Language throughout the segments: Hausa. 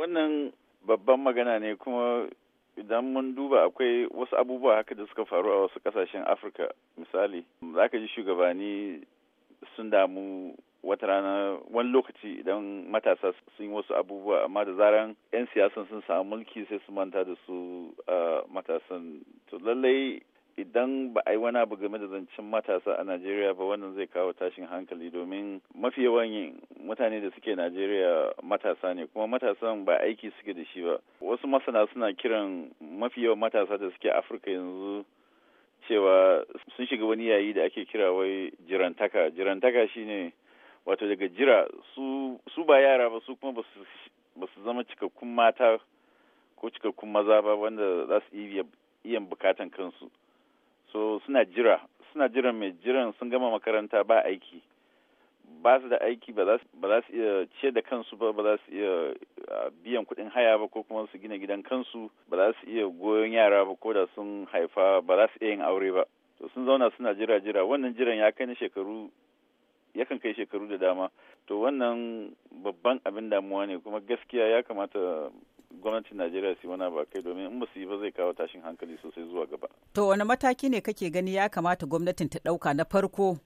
Wannan babban magana ne kuma idan mun duba akwai wasu abubuwa haka da suka faru a wasu kasashen Afirka misali. Za ka ji shugabani sun damu wata rana wani lokaci idan matasa sun yi wasu abubuwa amma da zaran 'yan siyasan sun samu mulki sai su manta da su a matasan to lallai idan ba a yi wani abu game da zancen matasa a najeriya ba wannan zai kawo tashin hankali domin mafi yawan mutane da suke Najeriya matasa ne kuma matasan ba aiki suke da shi ba. Wasu masana suna kiran mafi yawan matasa da suke Afirka yanzu cewa sun shiga wani yayi da ake kira wai jirantaka. Jirantaka shine wato daga jira su, ba yara ba su kuma ba su zama cikakkun mata ko cikakkun maza ba wanda za su iya, bukatan kansu. So suna jira, suna jiran mai jiran sun gama makaranta ba aiki. ba su da aiki ba za su iya ce da kansu ba ba za su iya biyan kuɗin haya ba ko kuma su gina gidan kansu ba za su iya goyon yara ba ko da sun haifa ba za su iya yin aure ba to sun zauna suna jira jira wannan jiran ya kai na shekaru yakan kai shekaru da dama to wannan babban abin damuwa ne kuma gaskiya ya kamata gwamnatin najeriya su wani ba kai domin in ba su yi ba zai kawo tashin hankali sosai zuwa gaba to wani mataki ne kake gani ya kamata gwamnatin ta ɗauka na farko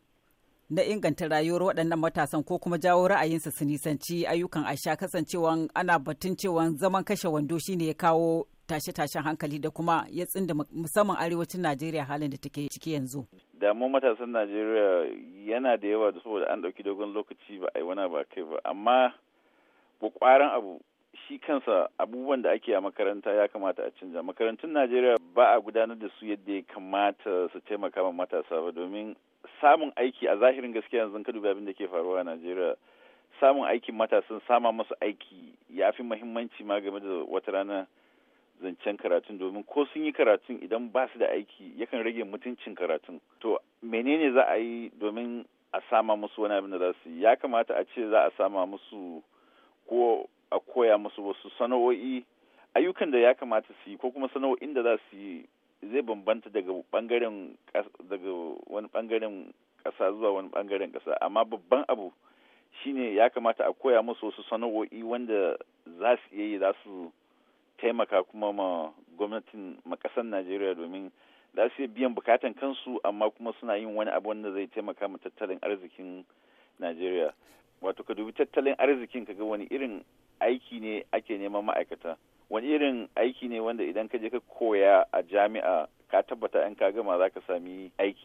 na inganta rayuwar waɗannan matasan ko kuma jawo ra'ayinsa su nisanci ayyukan aisha kasancewan ana batun cewa zaman kashe wando shine ya kawo tashe-tashen hankali da kuma ya tsinda musamman arewacin najeriya halin da take ciki yanzu damuwar matasan najeriya yana da yawa da saboda an ɗauki dogon lokaci ba a yi wani ba kai ba amma bukwaran abu shi kansa abubuwan da ake a makaranta ya kamata a canja makarantun najeriya ba a gudanar da su yadda ya kamata su taimaka ma matasa ba domin samun aiki a zahirin gaskiya yanzu ka dubi abin da ke faruwa a Najeriya samun aikin matasan sama masu aiki ya fi muhimmanci ma game da wata rana zancen karatun domin ko sun yi karatun idan ba su da aiki yakan rage mutuncin karatun to menene za a yi domin a sama musu wani abin da za su yi ya kamata a ce za a sama musu ko a koya musu wasu sana'o'i ayyukan da ya kamata su yi ko kuma sana'o'in da za su yi zai bambanta daga bangaren daga wani bangaren ƙasa zuwa wani bangaren ƙasa amma babban abu shine ya kamata a koya musu wasu sana'o'i wanda za su iya yi za su taimaka kuma ma gwamnatin makasan najeriya domin za su biyan bukatan kansu amma kuma suna yin wani abu wanda zai taimaka ma tattalin arzikin najeriya wato ka dubi tattalin arzikin ka ga wani irin aiki ne ake neman ma'aikata wani irin aiki ne wanda idan ka je ka koya a jami'a ka tabbata in ka gama za ka sami aiki